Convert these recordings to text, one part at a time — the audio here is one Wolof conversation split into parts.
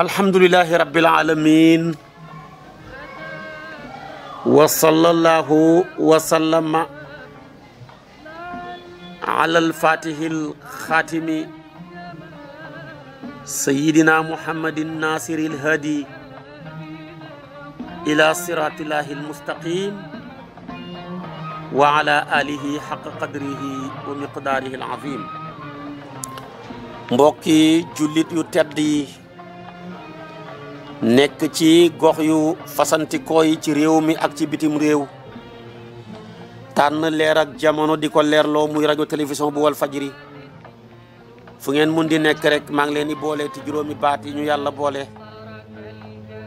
الحمد لله رب العالمين وصلى الله وسلم على الفاتح الخاتم سيدنا محمد الناصر الهادي إلى صراط الله المستقيم وعلى آله حق قدره ومقداره العظيم مبوكي جوليت يو tedd Nek ci gox yu koi koy ci rew mi ak ci bitim rew tan leer ak jamono di leer lo muy radio television bu wal fajiri fu ngeen mun di nekk rek maa ngi leen di boole ti juroomi baat yi ñu yalla bolé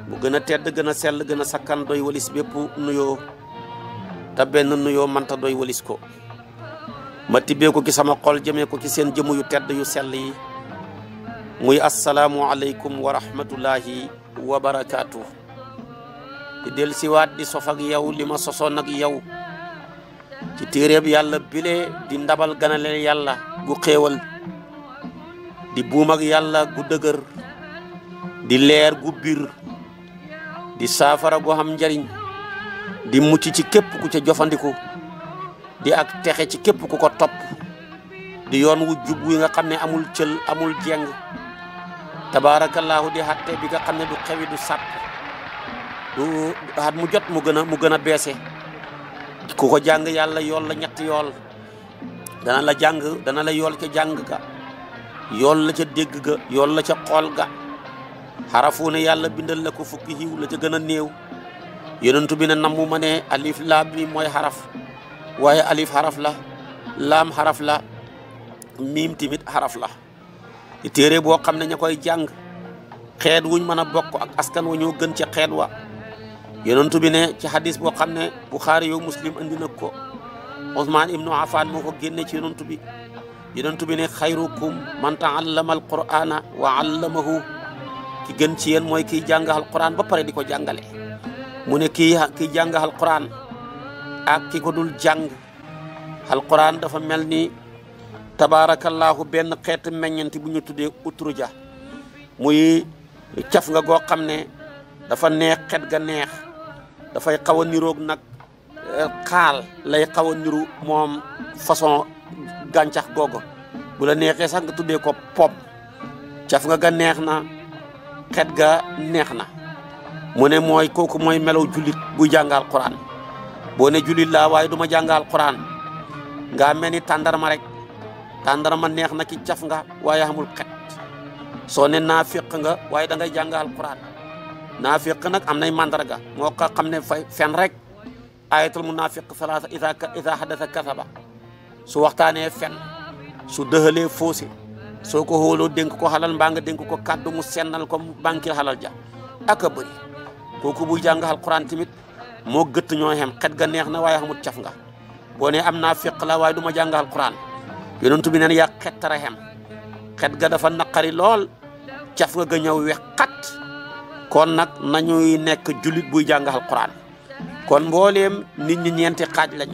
mu gëna tedd gëna sel gëna sakkan doy walis nuyo ta ben nuyo man ta doy walis ko ma tibbee ko ci sama xol jëmee ko ci seen jëm yu tedd yu sel yi muy assalamu alaykum wa rahmatullahi wa barakaatu di delsi wat di sofa ak yow li ma sosoon yow ci tereb yalla bile di ndabal ganale yalla gu xewal di boom ak yalla gu dëgër di leer gu bir di safara gu xam njariñ di mucc ci kep ku ca jofandiku di ak texe ci kep ku ko top di yoon wu jub wi nga xamne amul cël amul jeng tabaarakallaahu di xatte bi nga xam ne du xewi du sàpp du xat mu jot mu gën a mu gën a beese ku ko jàng yàlla yool la ñetti yool dana la jàng dana la yool ca jàng ga yool la ca dégg ga yool la ca xool ga xarafu yàlla bindal la ko fukki xiw la ca gën a néew yonentu bi ne namu ma ne alif laam mi mooy xaraf waaye alif xaraf la laam xaraf la miim timit xaraf la di téere boo xam ne ña koy jàng xeet wuñ mën a bokk ak askan wa ñoo gën ca xeet wa yonent bi ne ci hadis boo xam ne Buxaari yow muslim andi na ko Ousmane ibnu Affan moo ko génne ci yonent bi yonent bi ne xayrukum man taallama alqur'ana wa allamahu ki gën ci yéen mooy ki jàng alqur'an ba pare di ko jàngale mu ne kii kiy jàng alqur'an ak ki ko dul jàng alqur'an dafa mel ni tabaarakallaahu benn xeetu meññeent bu ñu tuddee ja muy caf nga goo xam ne dafa neex xet ga neex dafay xaw a niroog nag eh, xaal lay xaw a niru moom façon gàncax googu bu la neexee sax nga tuddee ko pop caf nga ga neex na xet ga neex na mu ne mooy kooku mooy melow jullit buy jàngal Quraan boo ne jullit laa waaye du ma jàngal Quraan ngaa mel ni tàndarma rek tàndara ma neex na ki caf nga waaye amul xet so ne nafiq nga waaye da ngay jang alquran nafiq nak am nay mandarga mo ko xamne fen rek ayatul munafiq idha isa isa hadatha kasaba su So fen su dehele fosi so ko holo denk ko halal ba nga denk ko kaddu mu senal ko banki halal ja ak a koku bu jang alquran timit mo ñoo xam xet ga neex na waaye amul caf nga boo ne am fiq la waaye duma jang alquran yonentu bi neen ya xet rahem xet ga dafa nakari lol tiaf nga ga ñëw xat kon nak nañuy nekk julit buy jang alquran kon mbollem nit ñi ñenti xaj lañ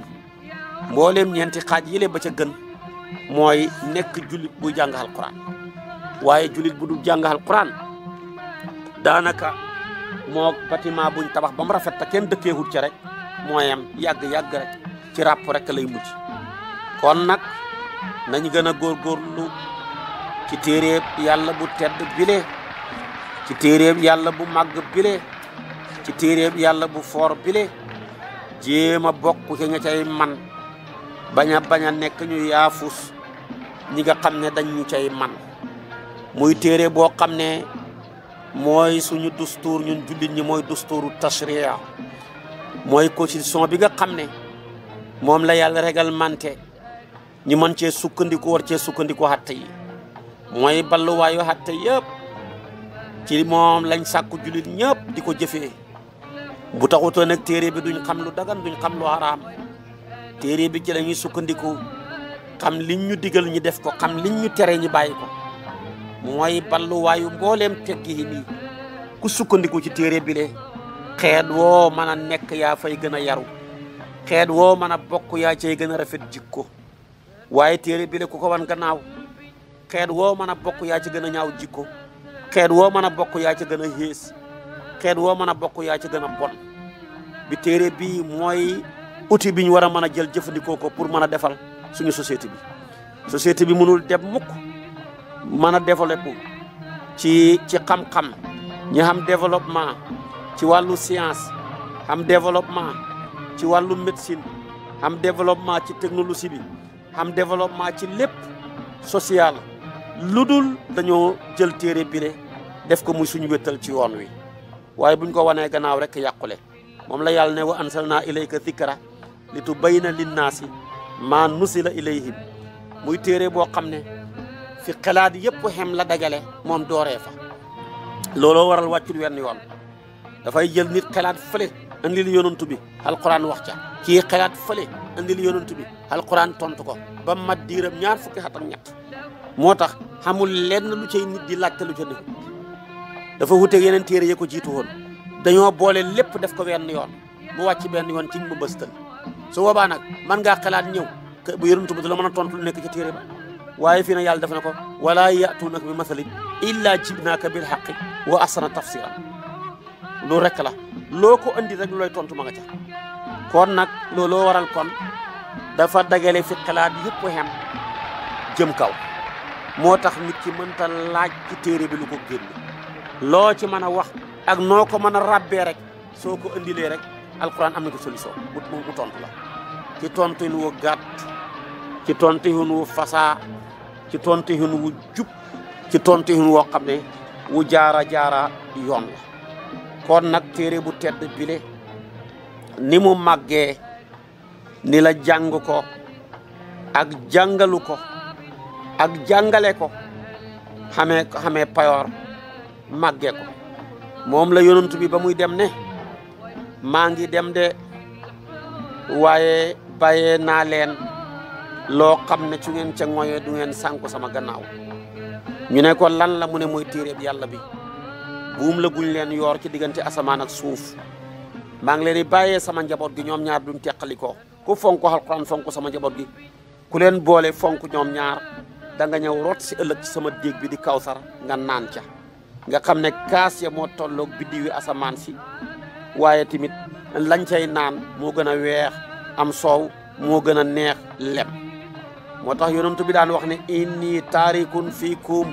mbooleem ñeenti xaaj yile ba ca gën moy nekk julit buy jang alquran waye julit bu du jang alquran danaka moo bâtiment buñ tabax bam rafet ta kenn dëkkeewut ci rek moyam yag yag rek ci rap rek lay mucc kon nak gëna gor gor lu ci téeréeb yalla bu tedd kiteri ci téeréeb yalla bu màgg bile ci téeréeb yalla bu for bile jéem a ci ña cey man baña baña nek a nekk ñu yaafus ñi nga xam dañ ñu cey man muy téré bo xam moy suñu dustur ñun jullit ñi moy dusturu tashria moy constitution bi nga xam mom moom la yàlla ñu mën cee sukkandiku war cee sukkandiku xatte yi mooy balluwaayu tey yëpp ci moom lañ sàkku jullit ñëpp di ko jëfee bu taxutoo nag téere bi duñ xam lu dagan duñ xam lu xaraam téere bi ci lañuy sukkandiku xam liñ ñu digal ñu def ko xam liñ ñu tere ñu bàyyi ko mooy balluwaayu mbooleem teggi yi nii ku sukkandiku ci téere bi le xeet woo mën a nekk yaa fay gën a yaru xeet woo mën a bokk yaa cay gën a rafet jikko waaye téere bi le ku ko wan gannaaw xeet woo mën a bokk yaa ci gën a ñaaw jikko xeet woo mën a bokk yaa ci gën a xées xeet woo mën a bokk yaa ci gën a bon bi téere bi mooy outil bi ñu war a mën a jël jëfandikoo ko pour mën a defal suñu société bi société bi mënul dem mukk mën a développé ci ci xam-xam ñi xam développement ci wàllu science xam développement ci wàllu médecine xam développement ci technologie bi am développement ci lépp social ludul dul dañoo jël téere bile def ko muy suñu wéttal ci yoon wi waaye buñ ko wanee gannaaw rek yàqule moom la yàlla ne wa ansalnaa ilayka zikra li tubayyina linnaasi ma nusila ilayhim muy téere boo xam ne fi xalaat yëpp xem la dagale moom dooree fa looloo waral wàccul wenn yoon dafay jël nit xalaat fële andil yonantu bi alquran wax ca kii xalaat fële andil yonent bi alquran tontu ko ba mat diiram ñaar fukki at ak ñett moo tax xamul lenn lu cay nit di laajte lu ca dafa wuteeg yeneen téere ya ko jiitu woon dañoo boole lépp def ko wenn yoon mu wàcc benn yoon ci mu bëstal su boobaa nag man ngaa xalaat ñëw bu yonent bi du la mën a tontu lu nekk ci téere ba waaye fii nag yàlla def na ko wala ya'tuunaka bi masalin illaa jibnaaka bil haqqi wa ahsana tafsira loolu rek la loo ko andi rek looy tontu ma nga kon nag looloo waral kon dafa dagale fi xalaat yëpp xem jëm kaw moo tax nit ki mënta laaj ci téere bi lu ko génne loo ci mën a wax ak noo ko mën a ràbbee rek soo ko indilee rek alquran am na ko solution mu ku la ci tontu wu gàtt ci tontu wu fasaa ci tontu wu jub ci tontu woo xam ne wu jaara jaara yoon la kon nag téere bu tedd bile ni mu màggee ni la jàng ko ak jàngalu ko ak jàngale ko xamee xamee payoor màggee ko moom la yonent bi ba muy dem ne maa ngi dem de waaye bàyyee naa leen loo xam ne su ngeen ca ngoyee du ngeen sànku sama gannaaw ñu ne ko lan la mu ne mooy téeréb yàlla bi buum la guñ leen yoor ci diggante asamaan ak suuf Mang ngi baye di sama njabot gi ñom ñaar duñ teqalikoo ku fonku alquran fonku sama njabot gi ku len boole fonku ñom ñaar da nga ñew rot si ëlëk ci sama déeg bi di kawsar nga naan ca nga xamne kaas ya moo tolloog wi asaman ci waye timit lañ cey naan mo gëna wéx am soow mo gëna neex lem motax tax bi daan wax ne inni tarikun fikum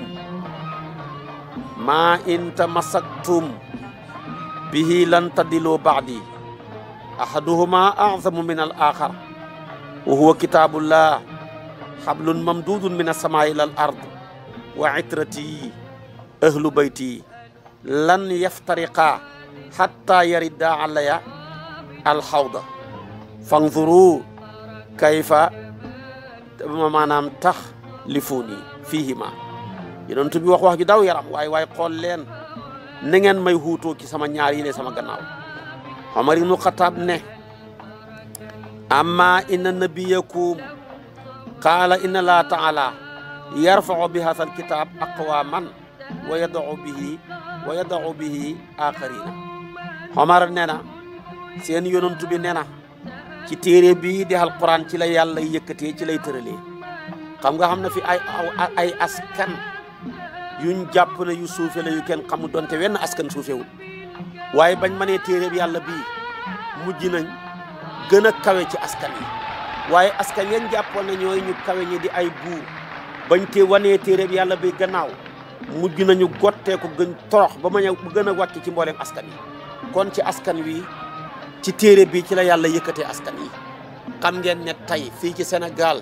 ma in tamassaktum به لن تدلوا بعدي أحدهما أعظم من الآخر وهو كتاب الله حبل ممدود من السماء إلى الأرض وعترتي أهل بيتي لن يفترقا حتى يردا علي الحوض فانظروا كيف maanaam tax li fuu nii fiihima yonent bi واي wax ju na ngeen may xuutoo ci sama ñaar yi sama gannaaw Omar ibnu Xataab ne amma inna nabiyakum qaala inna laa taala yarfau bi hatha alkitab aqwaman wa yadau bihi wa yadau bihi axarina Omar nee na seen yonantu bi nee na ci bii di alquran ci la yàlla yëkkatee ci lay tëralee xam nga xam na fi ay ay askan yuñ jàpp ne yu suufe la yu kenn xamul donte wenn askan suufewul waaye bañ mënee téeréb yàlla bii mujj nañ gën a kawe ci askan yi waaye askan yañ jàppoon ne ñooy ñu kawe ñi di ay buur bañ te wanee téeréb yàlla bi gannaaw mujj nañu gottee ko gën torox ba ma bu gën a wàcc ci mbooleem askan yi kon ci askan wi ci téere bii ci la yàlla yëkkatee askan yi xam ngeen ne tey fii ci Sénégal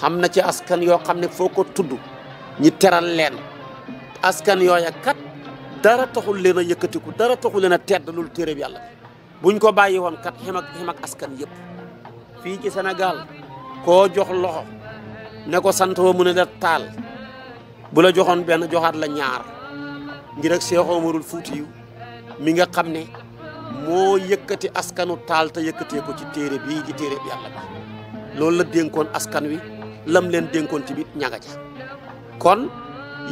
xam na ci askan yoo xam ne foo ko tudd ñi teral leen askan yooya kat dara taxul leen a yëkkatiku dara taxul leen a tedd téere bi yàlla buñ ko bàyyi woon kat xem ak xem askan yëpp fii ci senegal koo jox loxo ne ko sant wa mu ne la taal bu la joxoon benn joxaat la ñaar ngir ak Cheikh Omarul Fuutiyu mi nga xam ne moo yëkkati askanu taal te yëkkatee ko ci téere bii di téere bi yàlla bi loolu la dénkoon askan wi lam leen dénkoon tamit ñanga ja kon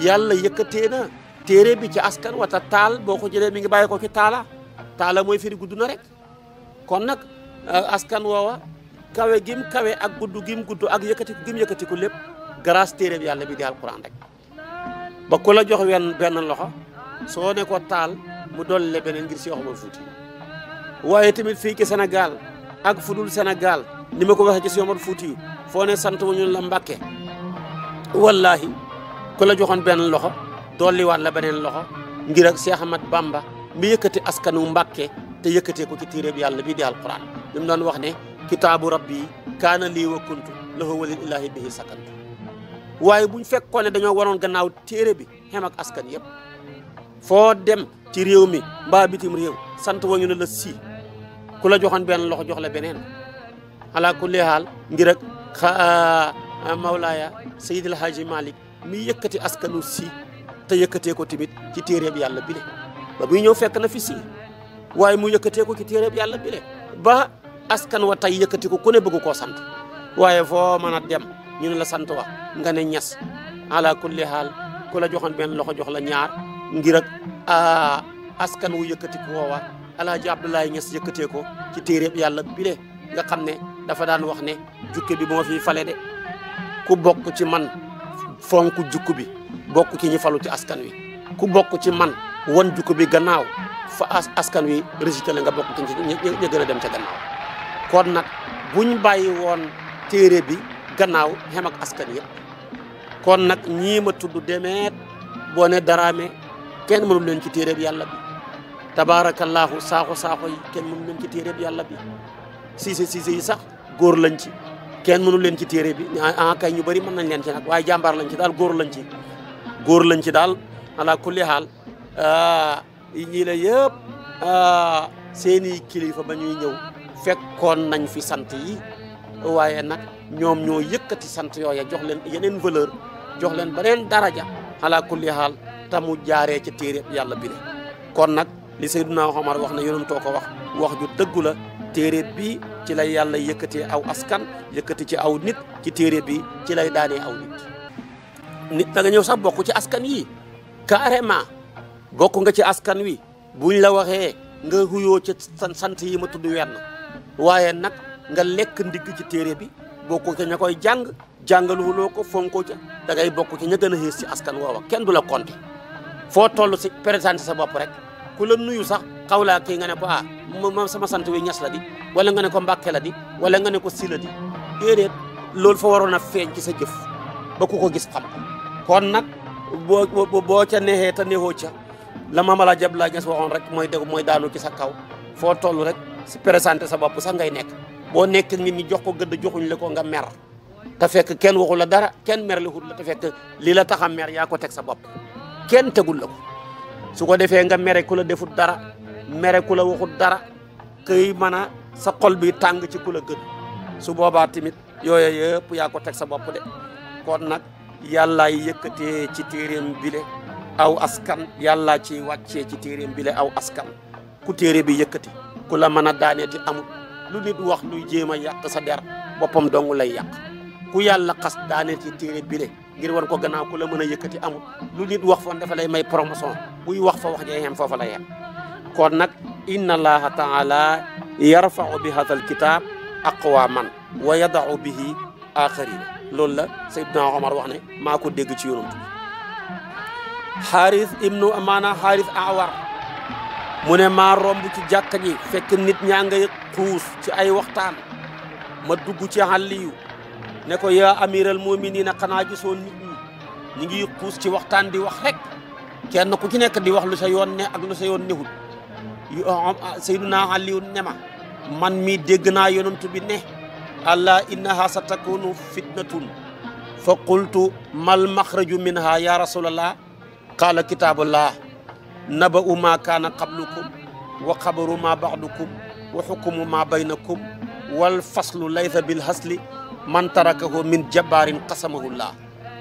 yàlla yëkkatee na téere bi ci askan wata taal boo ko jëlee mi ngi bàyyi ko ci taala taala mooy firi gudd na rek kon nag euh, askan woowa kawe gim kawe ak gudd gim gudd ak yëkkatiku gim yëkkatiku lépp grâce téere bi yàlla bi di alquran rek ba ku la jox wenn benn loxo soo ne ko taal mu dolle beneen ngir si waxuma fuuti waaye tamit fii ci senegal ak fudul Sénégal ni ma ko waxee ci si yomat fuuti foo ne sant wu ñu la Mbàkke wallahi ku la joxoon benn loxo dolliwaat la beneen loxo ngir ak Cheikh Ahmad Bamba mi yëkkati askanu Mbàkke te yëkkatee ko ci bi yàlla bi di alquran li mu doon wax ne kitaabu rabbi kaana lii wa kuntu lahu walil ilaahi bihi sakantu waaye buñ fekkoon ne dañoo waroon gannaaw téere bi xem askan yëpp foo dem ci réew mi mbaa bitim réew sant wañu ne la si ku la joxoon benn loxo jox la beneen ala kulli haal ngir ak xa Mawlaaya Seydil Haaji Malick mi yëkkati askanu si te yëkkatee ko tamit ci téeréeb yàlla bile ba ñëw fekk na fi si waaye mu yëkkatee ko ci téeréeb yàlla bile ba askan wa tey yëkkati ko ku ne sant waaye foo mën a dem ñu ne la sant wa nga ne ñas ala kulli ku la joxoon benn loxo jox la ñaar ngir ak askan wu yëkkati ko woowa alaaji abdoulaye ñas yëkkatee ko ci téeréeb yàlla bile nga xam ne dafa daan wax ne jukke bi moo fi fale de ku bokk ci man fonk jukku bi bokk ci ñi falu ci askan wi ku bokk ci man won jukku bi gannaaw fa askan wi rejeté nga bokk ci ñi gën a dem ca gannaaw kon nag buñ bàyyi woon téere bi gannaaw xem ak askan yëpp kon nag ñii ma tudd demeet boo ne daraame kenn mënu leen ci téere bi yàlla bi tabaarakallaahu saaxo saaxo yi kenn mënu ci téere bi yàlla bi siise siise yi sax góor lañ ci kenn mënu leen ci téere bi a ah, kay ñu bari mën nañ leen ci nag waaye jàmbaar lañ ci daal góor lañ ci góor lañ ci daal ala kulli xaal ah, ñii la yëpp ah, seeni kilifa ba ñuy ñëw fekkoon nañ fi sant yi waaye nag ñoom ñoo yëkkati sant yooya jox leen yeneen valeur jox leen beneen daraja ala kulli xaal te mu jaaree ci téere yàlla bi ne kon nag li Seydina Omar wax ne yonentoo ko wax wax ju dëggu la téere bi ci lay yàlla yëkkatee aw askan yëkkate ci aw nit ci téere bi ci lay daanee aw nit nit na nga ñëw sax bokku ci askan yi carrément bokk nga ci askan wi buñ la waxee nga ruyoo ci sant yi ma tudd wenn waaye nag nga lekk ndigg ci téere bi bokk ci ña koy jàng jàngaluwuloo ko fonkoo ca da ngay bokk ci ña gën a xiis ci askan woowa kenn du la compter foo toll si présenté sa bopp rek ku la nuyu sax xawlaa kii nga ne ko ah moom sama sant wi ñas la di wala nga ne ko mbàkke la di wala nga ne ko si la di déedéet loolu fa waroon a feeñ ci sa jëf ba ku ko gis xam kon nag boo boo ca neexee te neexoo ca la Maam El Hadj Abdoulaye Niass waxoon rek mooy dégg mooy daanu ci sa kaw foo toll rek si présenté sa bopp sax ngay nekk boo nekk nit ñi jox ko gëdd joxuñ le ko nga mer te fekk kenn waxul la dara kenn mer la xul la te fekk li la tax a mer yaa ko teg sa bopp kenn tegul la ko su ko defee nga mere ku la dara mere ku la waxut dara këy mën a sa xol bi tàng ci ku la gën su boobaa tamit yooyu yëpp yaa ko teg sa bopp de kon nag yàllaay yëkkatee ci téeréem bile aw askan yàllaa ci wàccee ci téeréem bile aw askan ku téere bi yëkkati ku la mën a ti amul lu nit wax luy jéem a yàq sa der boppam dong lay yàq ku yàlla xas daaneeti téere bile ngir war ko gannaaw ku la mën a yëkkati amul lu nit wax foo dafa lay may promotion buy wax fa wax ja yem foofa la yem kon nag inna allah taala yarfau bi hadha alkitab aqwaman wa yad'u bihi akharin lol la sayyidna umar wax ne maa ci yoonu harith ibn amana harith awar mune ma maa romb ci jàkka ji fekk nit nya ngay xuus ci ay waxtan ma dugg ci xàlliyu ne ko amir amiral mu'minin qana gisoo nit ñi ñi ngi xuus ci waxtan di wax rek kenn ku ci nekk di wax lu sa yoon ne ak lu sa yoon newul sayyiduna aliyu ne ma man mi dégg naa yonantu bi ne allah innaha sa takunu fitnatun fa qultu mal maxraju minha ya rasulallah qaala kitabullah naba'u ma kaana qablukum wa xabaru ma baxdukum wa xukumu ma baynakum wal faslu laysa bil hasli man tarakahu min jabbaarin qasamahullah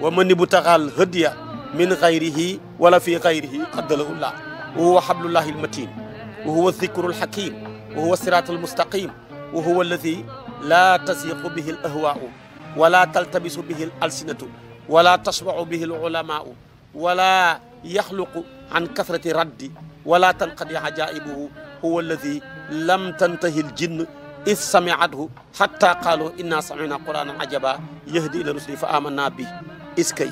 wa man ibtaxal hadiya min xayrihi wala fi xayrihi addalahu llah wa huwa hablullahi almatin وهو الذكر الحكيم وهو الصراط المستقيم وهو الذي لا تسيق به الأهواء ولا تلتبس به الألسنة ولا تشبع به العلماء ولا يخلق عن كثرة رد ولا تنقضي عجائبه هو الذي لم تنتهي الجن إذ سمعته حتى قالوا إنا سمعنا قرآنا عجبا يهدي إلى رسل فآمنا به اسكي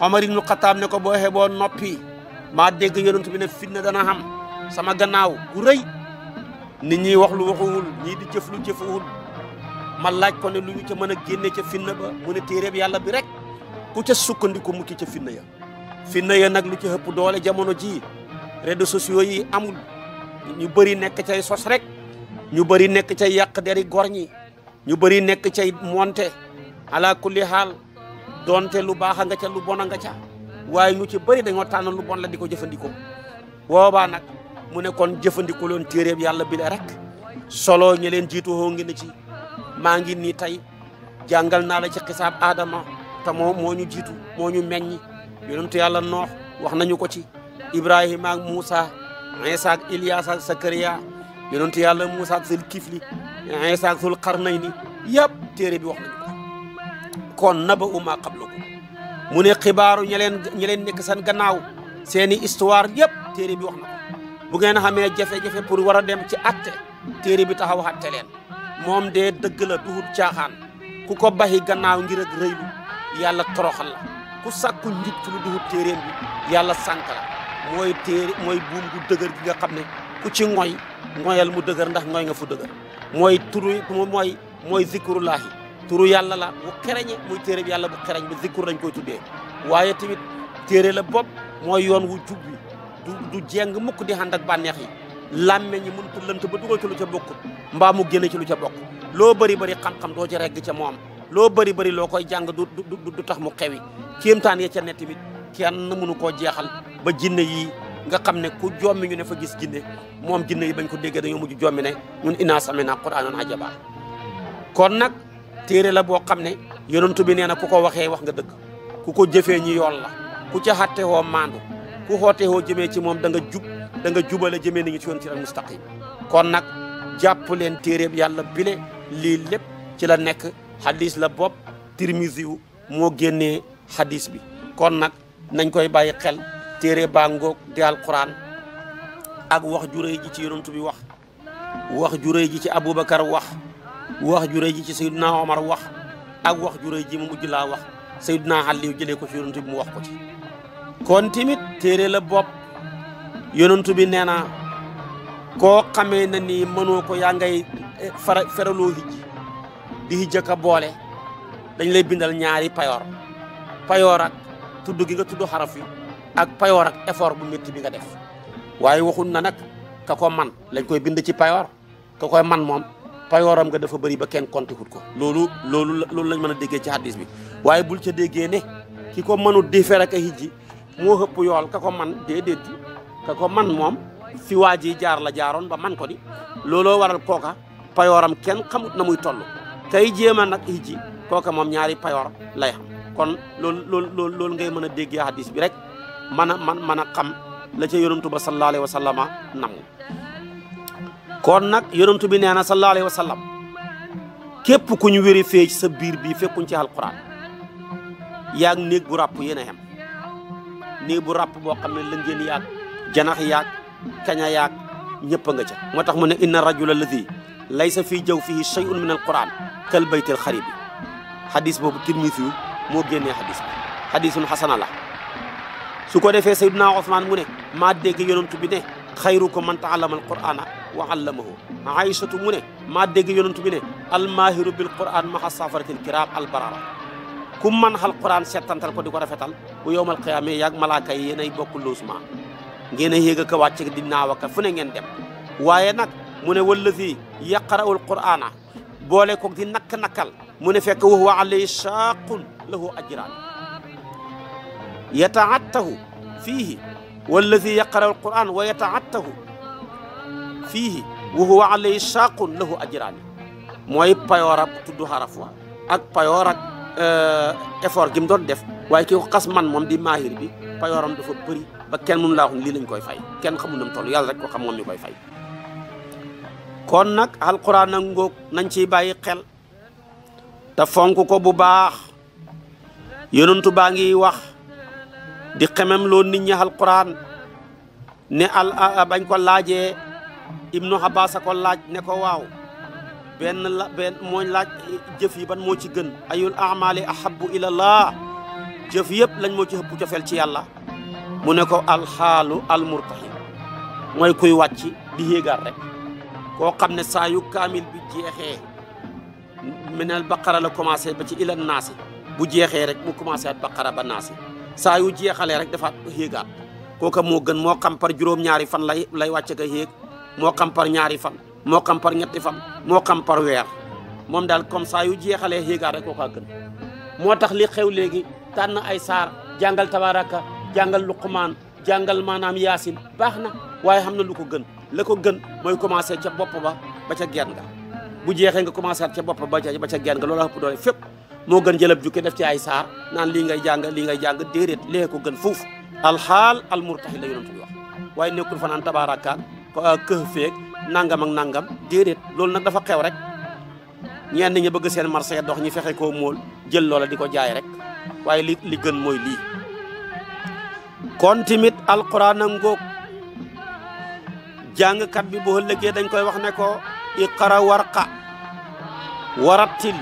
عمر بن الخطاب نكو بو boo xeboon noppi maa dégg yonent bi ne هم sama gannaaw gu rëy nit ñiy wax lu waxuwul ñii di jëf lu jëfuwul ma laaj ko ne lu ñu mën a génne ca finna ba mu ne téeréeb yàlla bi rek ku ca sukkandiku mucc ca finna ya finna ya nag lu ci ëpp doole jamono ji réseaux sociaux yi amul ñu bëri nekk cay sos rek ñu bëri nekk cay yàq deri gor ñi ñu bëri nekk ca monte ala kulli donte lu baax a nga ca lu bon a nga ca waaye ñu ci bëri dañoo tànn lu bon la di ko jëfandikoo boobaa nag mu ne kon jëfandiku loon téeréeb yàlla bi rek solo ñi leen jiitu woo ci maa ngi nii tey jàngal naa la ci xisaab aadama te moo moo jiitu moo ñu meññ yonentu yàlla noox wax nañu ko ci ibrahima muusa moussa isa ak ilias ak sakariya yonentu yàlla moussa ak sul kifli isa ak sul xarnayni yëpp téere bi wax nañu ko kon naba uma qablakum mu ne xibaaru ñi leen nekk seen gannaaw seeni histoire yëpp téere bi wax na bu ngeen xamee jafe-jafe pour war a dem ci atte téere bi taxaw atte leen moom de dëgg la duhut caaxaan ku ko baxi gannaaw ngir ak rëylu yàlla toroxal la ku sàkku njub ci lu duhut téeréem bi yàlla sànk mooy téere mooy buum gu dëgër gi nga xam ne ku ci ngoy ngoyal mu dëgër ndax ngoy nga fu dëgër mooy turu mooy mooy zikrullaahi turu yàlla la bu xereñe muy téere bi yàlla bu xereñ bi zikru lañ koy tuddee waaye tamit téere la bopp mooy yoon wu jub du du jeng mukk di ànd ak bànneex yi làmmeñ ñi lënt ba dugal ci lu ca bokkut mbaa mu génn ci lu ca bokk loo bari bëri xam-xam doo ci ca moom loo bari bëri loo koy jàng du tax mu xewi kéemtaan ya ca ne tamit kenn mënu koo jeexal ba jinne yi nga xam ne ku jommi ñu ne fa gis jinne moom jinne yi bañ ko déggee dañoo mujj jommi ne ñun inaa same naa quraanan ajabaa kon nag téere la boo xam ne yonontu bi nee na ku ko waxee wax nga dëgg ku ko jëfee ñi yool la ku ca woo maandu ku xootee woo jëmee ci moom danga nga jub da nga jubale jëmee ni ngi ci yoon ci al kon nag jàpp leen téeréeb yàlla bile lii lépp ci la nekk xadis la bopp tirmisi wu moo génnee xadis bi kon nag nañ koy bàyyi xel téere baa ngoog di alquran ak wax ju réy ji ci yonent bi wax wax ju réy ji ci aboubacar wax wax ju réy ji ci sayduna omar wax ak wax ju ji mu mujj laa wax sayduna aliyu jëlee ko ci yonent bi mu wax ko kon timit téeree la bopp yonentu bi nee na koo xamee na ni mënoo ko yaa ngay eh, fara feraloo hijj di hijja ka boole dañ lay bindal ñaari payoor payoor ak tudd gi nga tudd xaraf ak payoor ak effort bu métti bi nga def waaye waxun na nag ka ko man lañ koy bind ci payoor ka koy man moom payooram nga dafa bëri ba kenn konti hut ko loolu loolu loolu lañ mën a déggee ci hadis bi waaye bul ca déggee ne ki ko mënut di fer ak a hijji mo hepp yool ka man dedet ka ko man moom fi waji jaar la jaaron ba man ko di lolo waral koka payoram ken xamut na muy toll kay jéema nag koka mom moom ñaari payor lay xam kon lolo lolo loolu ngay meuna a ya hadis bi rek mana man mana xam la ci yonantu ba sallallahu alaihi wa nam kon nak yonantu bi neena sallallahu alaihi wa kep kuñu wéré fe ci sa bir bi fekkun ci alquran yaak neeg bu rap yéen hem nii bu ràpp boo xam ne lëngeen yaag janax yaag kaña yaag ñëpp a nga ca moo tax mu ne inna rajula alladi laysa fii jaw fihi shay'un min alquran kal baytil xarib yi boobu tirmisi yu moo génnee xadis bi xadisun xasana la su ko defee sayduna mu maa dégg yonantu bi ne xayrukum man taallama alqurana wa allamahu aïchatu mu ne maa dégg yonantu bi ne almaahiru bilquran maxa safaratil kiram albarara ku man alquran settantal ko di ko rafetal bu yowmal qiyaame yaag malaaka yi yéen ay bokk luusement ngeen a yéeg di nawa ka fune ne ngeen dem waye nak mune ne wallazi yaqra'u alqur'ana bole ko di nak nakal mune fek wa huwa alayhi shaqun lahu ajran yata'attahu fiihi wallazi yaqra'u qur'an wa yata'attahu fihi wa huwa alayhi shaqun lahu ajran moy payoor tuddu harafwa ak payoor Euh, effort gi mu doon def waaye ki ko xas man moom di maahir bi payooram dafa bëri ba kenn mënu laa wax lii lañ koy fay kenn xamul na mu toll rek ko xam moom koy fay kon nag alquran ak ngóog nañ ciy bàyyi xel te fonk ko bu baax yonentu baa ngi wax di xemem loo nit ñi alquran ne al bañ ko laajee ibnu habasa ko laaj ne ko waaw benn la benn mooy laaj jëf yi ban moo ci gën ayul amali ahabu ilallah jëf yëpp lañ moo ci ëpp cofeel ci yàlla mu ne ko alxaalu almurtaxim mooy kuy wàcc di yéegaat rek koo xam ne saa yu kaamil bi jeexee minal baqara la commencé ba ci ilan naasi bu jeexee rek mu commencé at baqara ba naasi saa yu jeexalee rek dafa yéegaat kooka moo gën moo xam par juróom-ñaari fan lay lay wàcce ka yéeg moo xam par ñaari fan moo xam par ñetti fan moo xam par weer moom daal comme saa yu jeexalee xiigaar rek koo kaa gën moo tax li xew léegi tànn ay saar jàngal tabaraka jàngal luqumaan jàngal maanaam yaasin baax na waaye xam na lu ko gën la ko gën mooy commencé ca bopp ba ba ca genn ga bu jeexee nga commencé ca bopp ba ca ba ca genn ga loola ëpp doole fépp moo gën jëlab jukki def ci ay saar naan lii ngay jàng lii ngay jàng déedéet lee ko gën fuuf alxaal almurtaxi la yonent bi wax waaye nekkul fanaan nangam ak nangam dedet lolou nak dafa xew rek ñen ñi bëgg seen marché dox ñi fexé ko mool jël lolou diko ko jaay rek waye li li gën moy li kon timit alquran a jang kat bi bu ëllëgee dañ koy wax ne ko Iqra warqa Waratil.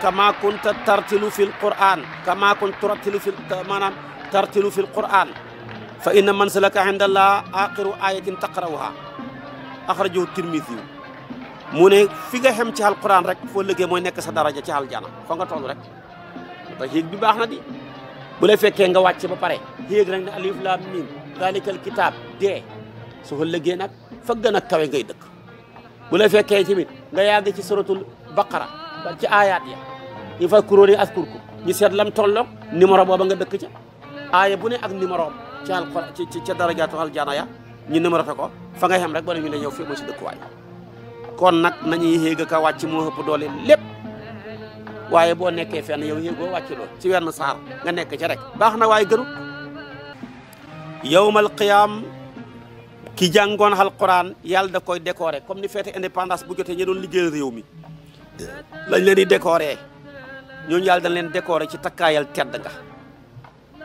kama kunta tartilu fil quran kama kunta tartilu fil mana? tartilu fil quran fa inna man salaka inda allahi aqiru ayatin taqrawha axrajahu tirmisi yu mu ne fi nga xem ci alquran rek foo lëggee mooy nekk sa daraja ci aljana fa nga toll rek a yéeg bi baax na di bu la fekkee nga wàcc ba pare yéeg rek ne alif laam miim dalikal kitaab dee su ko lëggee nag fa gën a kawe ngay dëkk bu la fekkee tamit nga yàgg ci suratul baqara ci aayaat ya yi fa ak askurku ñu seet lam tolloog numéro booba nga dëkk ca aaya bu ne ak numéro ci alquran ci ca darajaatu aljana ya ñu numéroté fa nga xam rek ba ñu ne fi fii mooy si dëkkuwaay kon nag nañuy yéeg ka wàcc moo ëpp doole lépp waaye boo nekkee fenn yow yéegoo wàcciloo ci wenn saar nga nekk ca rek baax na waaye gënut yowmal qiyaam ki jàngoon alquran yàlla da koy décorer comme ni feete indépendance bu jotee ñu doon liggéeyal réew mi lañ leen di décorer ñooñu yàlla dañ leen décorer ci takkaayal tedd nga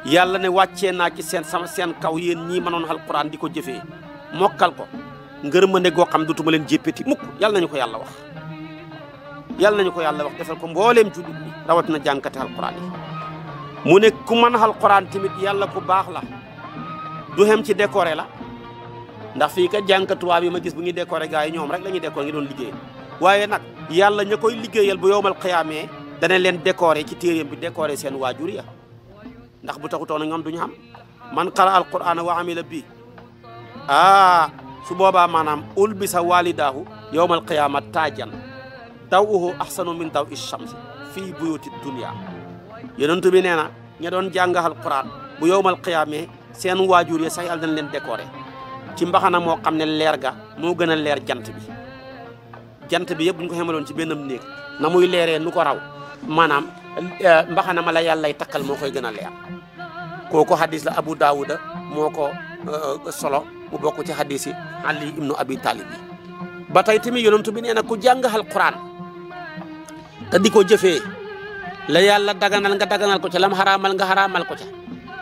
yàlla ne wàccee naa ci seen sama seen kaw yéen ñii mënoon alquran di ko jëfee mokkal ko ngërmande go xam dutuma len jéppati mukk yalla nañu ko yalla wax yalla nañu ko yalla wax defal ko mbooleem jullit rawat na jankati alquran mu ne ku mën alquran timit yalla ku bax la du hem ci décorer la ndax ka jankatu wa bi ma gis bu ñuy décorer gaay ñom rek lañu décorer ngi doon liggéey waye nak yalla ñakoy liggéeyal bu yowmal da len décorer ci téréem bi décorer seen wajur ya ndax bu duñu xam man qara alquran wa amila bi aa ah, su boobaa maanaam ulbisa walidaahu yowmal qiyaama taajan daw uhu ahsanu min daw ishamsi fii buyuti dunya yonent bi nee na ña doon jàng alquran bu yowmal qiyaamee seen waajur yi say yàlla dañ leen dekoore ci mbaxana moo xam ne leer ga moo gën a leer jant bi jant bi yëpp bu ñu ko xamaloon ci benn néeg na muy leeree nu ko raw maanaam eh, mbaxana ma la yàllay takkal moo koy gën a leer kooku hadis la Abu Daawuda moo ko solo bu bokku ci hadisi Ali ibn Abi Talib yi ba tey tamit bi neena ku jàng alquran qur'an ta diko jëfee la yàlla daganal nga daganal ko ci lam haramal nga haramal ko ci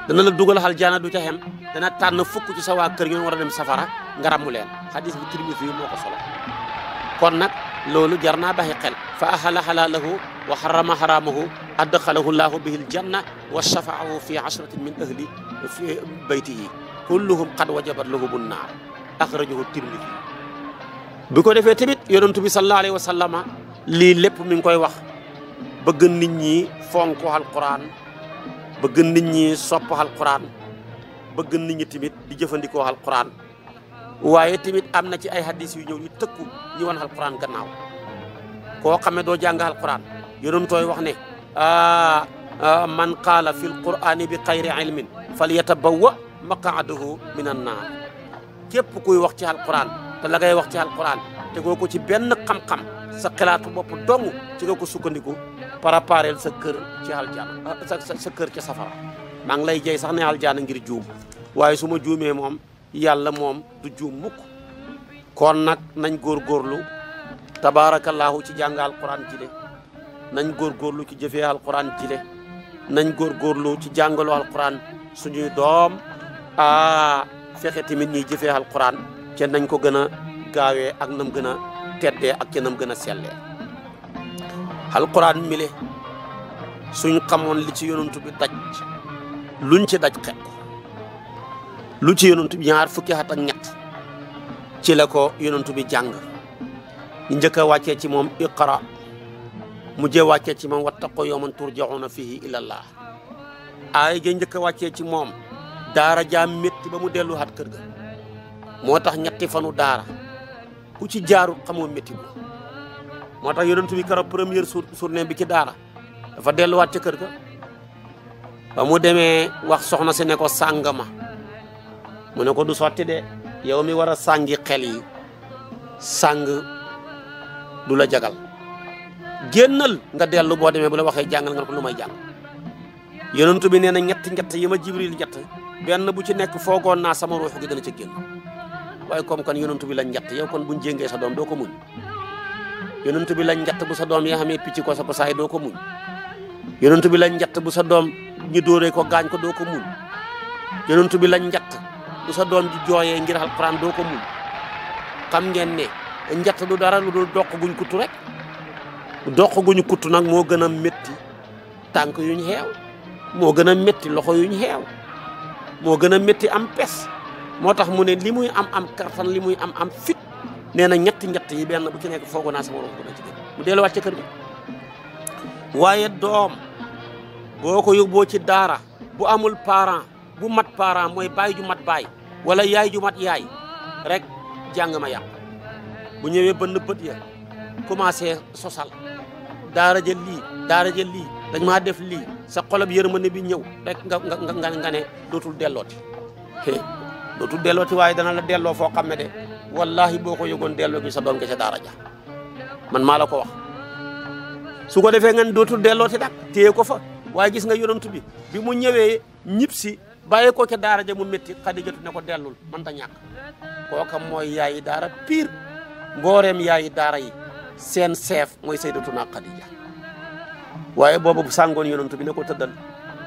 dana la dugal aljanna du ci xem dana tan fuk ci sa wa keur ñu wara dem safara nga ràmmu hadis bi Tirmisi fi moko solo kon nak lolu jarna bahi baxi xel fa ahala halalahu wa harrama haramahu adkhalahu allah bihi aljanna wa shafaahu fi 'ashrati min ahli baytihi kulluhum xad wajabat lahumun naar axrajahu tirmidi bi ko defee tamit yonentu bi sallallahu alayhi wa lii lépp mi ngi koy wax bëgg nit ñi fonk alquran bëgg nit ñi sopp alquran bëgg nit ñi tamit di jëfandikoo alquran waaye tamit am na ci ay hadis yu ñëw yu tëkku ñu wan alquran gannaaw koo xamee doo jàng alquran yonentooy wax ne man qaala fi l qurani bi xayri ilmin fal yatabawwa maqaaduhu minan naar képp kuy wax ci alquran te la ngay wax ci alquran tegoo ko ci benn xam-xam sa xalaatu bopp dong ci nga ko sukkandiku préparel sa kër ci aljana sa sa kër ca safara maa ngi lay jey sax ne aljana ngir juum waaye su ma juumee moom yàlla moom du juum mukk kon nag nañ góor góorgóorlu tabaarakallaahu ci jàng alquran ji le nañ góorgóorlu ci jëfee alquran ji le nañ góorgóorlu ci jàngalu alquran suñuy doom ah fexe tamit ñuy jëfee alquran ca nañ ko gën a gaawe ak nam gën a teddee ak ca nam gën a sellee alquran mile suñ xamoon li ci yonantu bi daj luñ ci daj xet lu ci yonantu bi ñaar fukki at ak ñett ci la ko yonantu bi jàng ñu njëkk a wàccee ci moom qara mu jee wàccee ci moom wattaqu yawman turjauna fihi ilallah aay ja njëkk a wàccee ci moom daara jaa metti ba mu delluwaat kër ga moo tax ñetti fanu daara ku ci jaaru xamoo metti moo tax yonent bi keroog première journée bi ci daara dafa delluwaat ca kër ga ba mu demee wax soxna si ne ko sàng ma mu ne ko du sotti de yow mi war a sàngi xel yi sàng du la jagal génnal nga dellu boo demee bu la waxee jàngal nga ko lu may jàng yonent bi nee na ñett ñett yi ma jibril ñett benn bu ci nekk foogoon naa sama ruux gi dana ca génn waaye comme kan yonontu bi lañ njatt yow kon bu jéngee sa doom doo ko muñ yonent bi lañ njatt bu sa doom yaa xamee picc ko sa pasaay doo ko muñ bi lañ njatt bu sa doom ñu dóoree ko gaañ ko doo ko muñ yonent bi lañ njatt bu sa doom ji jooyee ngir alxuraan doo ko muñ xam ngeen ne njatt du dara lu dul doq guñ kuttu rek doq guñ kuttu nag moo gën a métti tànk yuñ xeew moo gën a metti loxo yuñ xeew moo gën a métti am pes moo tax mu ne li muy am am kartan li muy am am fit nee na ñetti ñett yi benn bu ci nekk foogu naa sama room ko na ci mu delluwaat ca kër gi waaye doom boo ko yóbboo ci daara bu amul parent bu mat parent mooy baay ju mat baay wala yaay ju mat yaay rek jàng ma yàq bu ñëwee ba nëbbat ya commencé sosal daara jël lii daara jël lii dañ ma def li sa xolab yërmande bi ñew rek nga nga nga nga ne dotul deloti dotul deloti waye dana la delo fo xamne de wallahi boko yegon delo gi sa doon ga ci dara ja man mala ko wax su ko defé ngeen dotul deloti dak tey ko fa waye gis nga yorontu bi bi mu ñewé ñipsi baye ko ke dara ja mu metti khadijatu ne ko delul man ta ñak koka moy yaayi dara pire ngorem yaayi dara yi sen chef moy sayyidatuna khadija waaye boobu bu sàngoon yonent bi na ko tëddal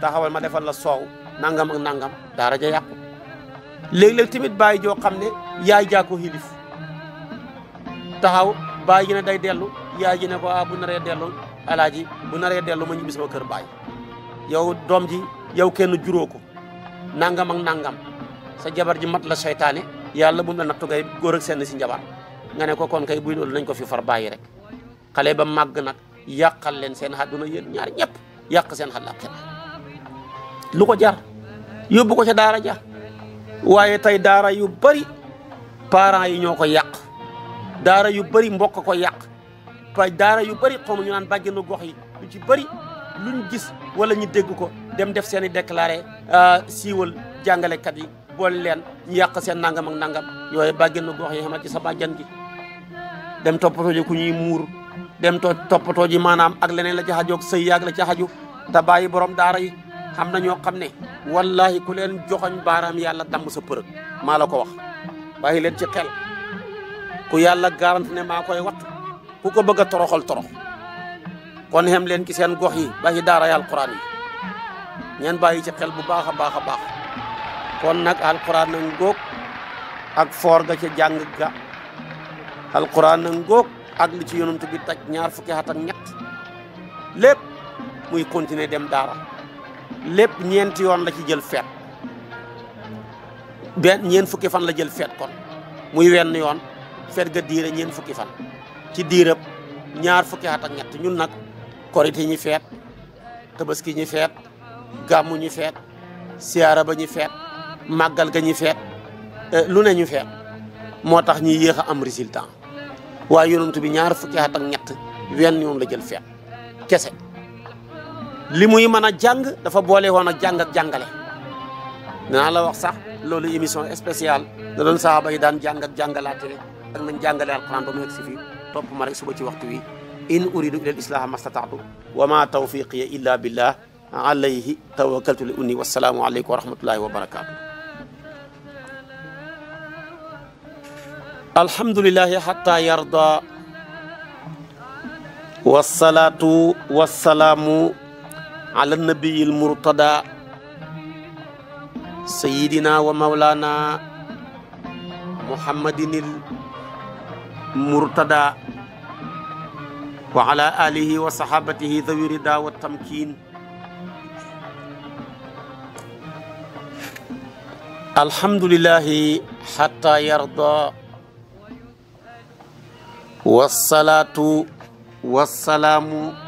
taxawal ma defal la soow nangam ak nangam daara ja yàqu léeg-léeg tamit bàyyi joo xam ne yaay jaa ko taxaw baay ji ne day dellu yaay ji ne ko ah bu naree dellu alaaji bu naree dellu ma ñibbi sama kër bàyyi yow doom ji yow kenn juróo ko nangam ak nangam sa jabar ji mat la seytaane yàlla bu mu la nattu ngay góor ak seen si njabar nga ne ko kon kay buy loolu nañ ko fi far bàyyi rek xale ba màgg nag yakal len sen nyar yeen ñaar ñëpp yàq seen àllaaxira lu ko jar yóbbu ko ca daara ja waye tay daara yu bari parents yi ñoko yak yàq daara yu bari mbokk ko yak pa daara yu bari xom ñu naan bàjjenu gox yi lu ci bari luñ gis wala ñu degg ko dem def euh, seen euh siwol jangale kat yi bol len ñu yak sen nangam ak nangam Wa bàjjenu gox yi xamal ci sa bàjjan gi dem toppatoo ku ñuy mur dem to toppatoo ji maanaam ak leneen la ci xajoog sëy yaag la ci xaju te bàyyi borom daara yi xam na ñoo xam ne wallahi ku leen joxoñ baaraam yàlla damm sa përëg maa la ko wax bàyyi leen ci xel ku yàlla garanti ne maa koy wat ku ko bëgg a toroxal torox kon xem leen ci seen gox yi bàyyi daara yi alquran yi ngeen bàyyi ci bu baax a baax a baax kon nag alquran na ngóog ak foor ga ca jàng ga alquran na ngóog ak lu ci yonent bi taj ñaar fukki at ñett lépp muy continuer dem daara lépp ñeenti yoon la ci jël feet benn ñeent fukki fan la jël feet kon muy wenn yoon feet ga diire ñeent fukki fan ci diirab ñaar fukki at ak ñett ñun nag korité ñi feet tabaski ñi feet gàmmu ñi feet siyaara ba ñi feet màggal ga ñi feet eh, lu ne ñu feet moo tax ñi yéex a am résultat wa yonantu bi ñaar fukki at ak ñett wenn yoon la jël feet kese li muy mën dafa bolé won ak jang ak jangalé dina la wax sax lolu émission spéciale da doon saaba yi daan jang ak jangalaté ak nañ jangalé alcorane ba mu yegg si ma rek suba ci waxtu wi in uridu ila Islam mastata'tu wa ma tawfiqi illa billah alayhi tawakkaltu li unni wasalaamu aleykum wa rahmatullahi wa barakatuh الحمد لله حتى يرضى والصلاة والسلام على النبي المرتضى سيدنا ومولانا محمد المرتضى وعلى آله وصحابته ذوي الرضا والتمكين الحمد لله حتى يرضى والصلاة والسلام